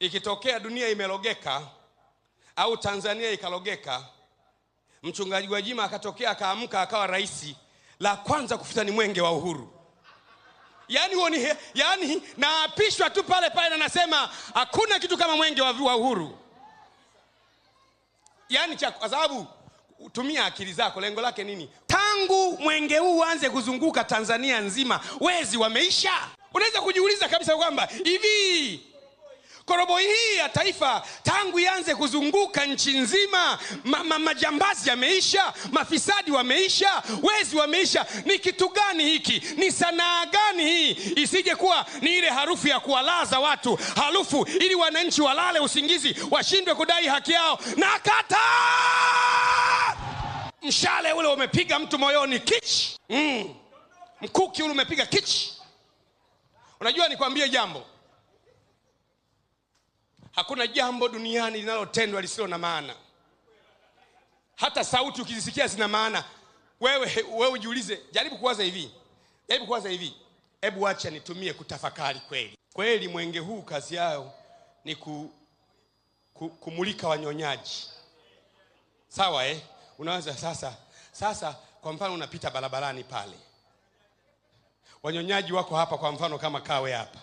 Ikitokea dunia imelogeka au Tanzania ikalogeka, mchungaji Gwajima akatokea akaamka akawa rais, la kwanza kufuta ni mwenge wa uhuru. Yaani huo ni yaani, naapishwa tu pale pale na nasema hakuna kitu kama mwenge wa uhuru. Yaani cha kwa sababu tumia akili zako, lengo lake nini? Tangu mwenge huu uanze kuzunguka Tanzania nzima, wezi wameisha. Unaweza kujiuliza kabisa kwamba hivi korobo hii ya taifa tangu ianze kuzunguka nchi nzima ma, ma, majambazi yameisha, mafisadi wameisha, wezi wameisha. Ni kitu gani hiki? Ni sanaa gani hii? Isije kuwa ni ile harufu ya kuwalaza watu harufu, ili wananchi walale usingizi, washindwe kudai haki yao. na kata mshale ule umepiga mtu moyoni kich. Mm. Mkuki ule umepiga kich. Unajua nikwambie jambo Hakuna jambo duniani linalotendwa lisilo na maana. Hata sauti ukizisikia zina maana. Wewe wewe ujiulize, jaribu kuwaza hivi, jaribu kuwaza hivi, hebu acha nitumie kutafakari kweli kweli. Mwenge huu kazi yao ni ku, ku, kumulika wanyonyaji, sawa eh? Unawaza sasa, sasa kwa mfano unapita barabarani pale, wanyonyaji wako hapa, kwa mfano kama Kawe hapa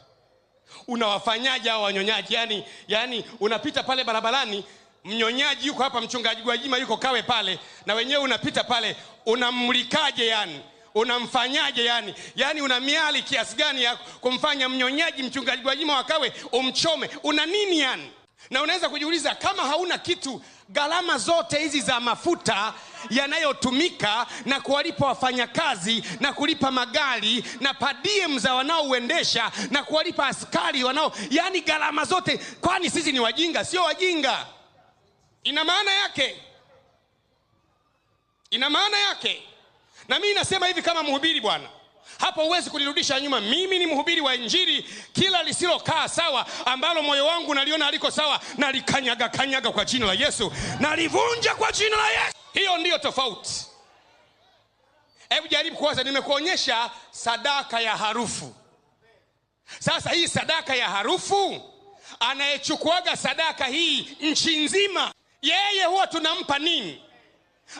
unawafanyaje hao wanyonyaji yani, yani unapita pale barabarani mnyonyaji yuko hapa mchungaji gwajima yuko kawe pale na wenyewe unapita pale unamlikaje yani unamfanyaje yani yani una miali kiasi gani ya kumfanya mnyonyaji mchungaji gwajima wakawe umchome una nini yani na unaweza kujiuliza kama hauna kitu gharama zote hizi za mafuta yanayotumika na kuwalipa wafanyakazi na kulipa magari na padiem za wanaouendesha na kuwalipa askari wanao yani gharama zote kwani sisi ni wajinga sio wajinga ina maana yake ina maana yake na mimi nasema hivi kama mhubiri bwana hapo huwezi kulirudisha nyuma. Mimi ni mhubiri wa Injili, kila lisilokaa sawa, ambalo moyo wangu naliona aliko sawa, nalikanyaga kanyaga kwa jina la Yesu, nalivunja kwa jina la Yesu. Hiyo ndiyo tofauti. Hebu jaribu kwanza, nimekuonyesha sadaka ya harufu. Sasa hii sadaka ya harufu, anayechukuaga sadaka hii nchi nzima, yeye huwa tunampa nini?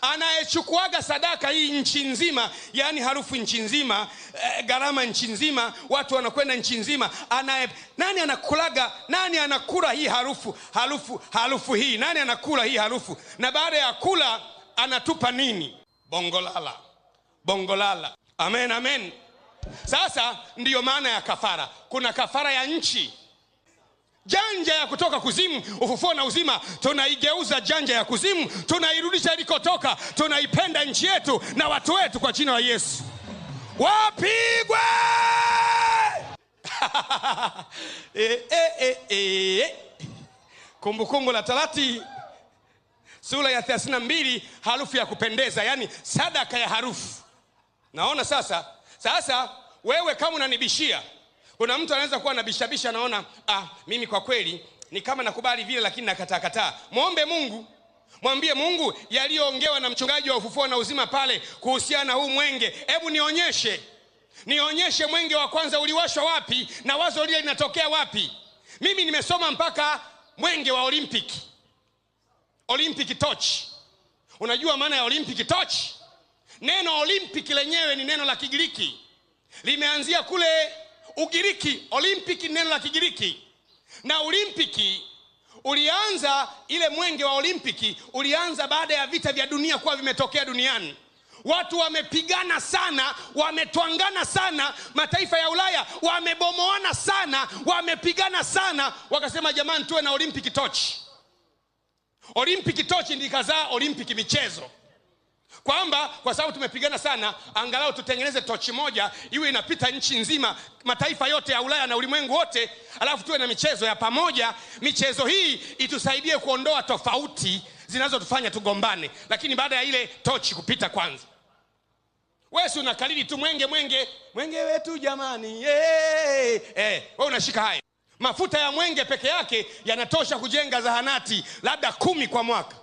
anayechukuaga sadaka hii nchi nzima yaani harufu nchi nzima eh, gharama nchi nzima watu wanakwenda nchi nzima anaye, nani anakulaga nani anakula hii harufu harufu harufu hii nani anakula hii harufu na baada ya kula anatupa nini bongolala bongolala amen amen sasa ndiyo maana ya kafara kuna kafara ya nchi janja ya kutoka kuzimu ufufuo na uzima tunaigeuza janja ya kuzimu tunairudisha ilikotoka tunaipenda nchi yetu na watu wetu kwa jina la yesu wapigwe e, e, e, e. kumbukumbu la talati sura ya 32 harufu ya kupendeza yani sadaka ya harufu naona sasa sasa wewe kama unanibishia kuna mtu anaweza kuwa anabishabisha anaona ah, mimi kwa kweli ni kama nakubali vile lakini nakataakataa mwombe mungu mwambie mungu yaliyoongewa na mchungaji wa ufufuo na uzima pale kuhusiana na huu mwenge hebu nionyeshe nionyeshe mwenge wa kwanza uliwashwa wapi na wazo lile linatokea wapi mimi nimesoma mpaka mwenge wa olympic olympic torch unajua maana ya olympic torch neno olympic lenyewe ni neno la kigiriki limeanzia kule Ugiriki, Olimpiki neno la Kigiriki, na Olimpiki ulianza ile mwenge wa Olimpiki ulianza baada ya vita vya dunia kuwa vimetokea duniani. Watu wamepigana sana, wametwangana sana, mataifa ya Ulaya wamebomoana sana, wamepigana sana, wakasema jamani, tuwe na Olimpiki tochi. Olimpiki tochi ndikazaa Olimpiki michezo kwamba kwa sababu tumepigana sana, angalau tutengeneze tochi moja iwe inapita nchi nzima, mataifa yote ya Ulaya na ulimwengu wote, alafu tuwe na michezo ya pamoja. Michezo hii itusaidie kuondoa tofauti zinazotufanya tugombane, lakini baada ya ile tochi kupita kwanza. Wewe unakalili tu mwenge mwenge mwenge wetu jamani, hey, eh, hey, wewe unashika haya mafuta ya mwenge peke yake yanatosha kujenga zahanati labda kumi kwa mwaka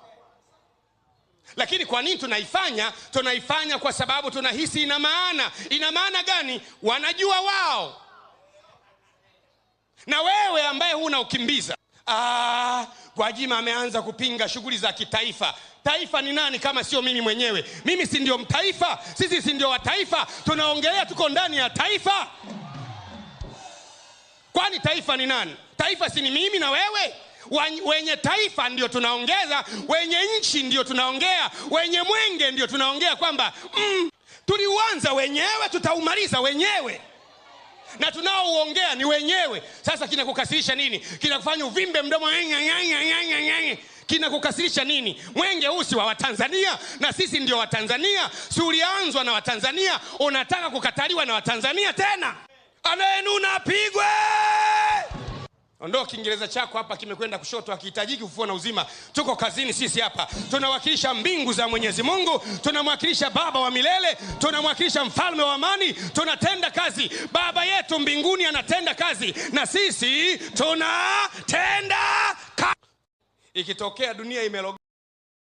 lakini kwa nini tunaifanya tunaifanya kwa sababu tunahisi ina maana ina maana gani wanajua wao na wewe ambaye huna ukimbiza ah, Gwajima ameanza kupinga shughuli za kitaifa. Taifa ni nani kama sio mimi mwenyewe? Mimi si ndio mtaifa? Sisi si ndio wataifa? Tunaongelea tuko ndani ya taifa, kwani taifa ni nani? Taifa si ni mimi na wewe? wenye taifa ndio tunaongeza wenye nchi ndio tunaongea wenye mwenge ndio tunaongea kwamba mm, tuliuanza wenyewe tutaumaliza wenyewe na tunaouongea ni wenyewe sasa kinakukasirisha nini kinakufanya uvimbe mdomo kinakukasirisha nini mwenge huu si wa watanzania na sisi ndio watanzania si ulianzwa na watanzania unataka kukataliwa na watanzania tena anayenuna apigwe ondoa kiingereza chako hapa kimekwenda kushoto akihitajiki kufua na uzima tuko kazini sisi hapa tunawakilisha mbingu za mwenyezi mungu tunamwakilisha baba wa milele tunamwakilisha mfalme wa amani tunatenda kazi baba yetu mbinguni anatenda kazi na sisi tunatenda kazi ikitokea dunia imeloga